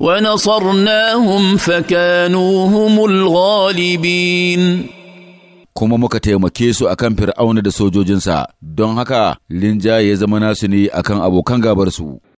ونصرناهم فكانوا هم الغالبين kuma muka taimake su akan fir'auna da sojojinsa don haka linja ya zama nasu ne akan abokan gabarsu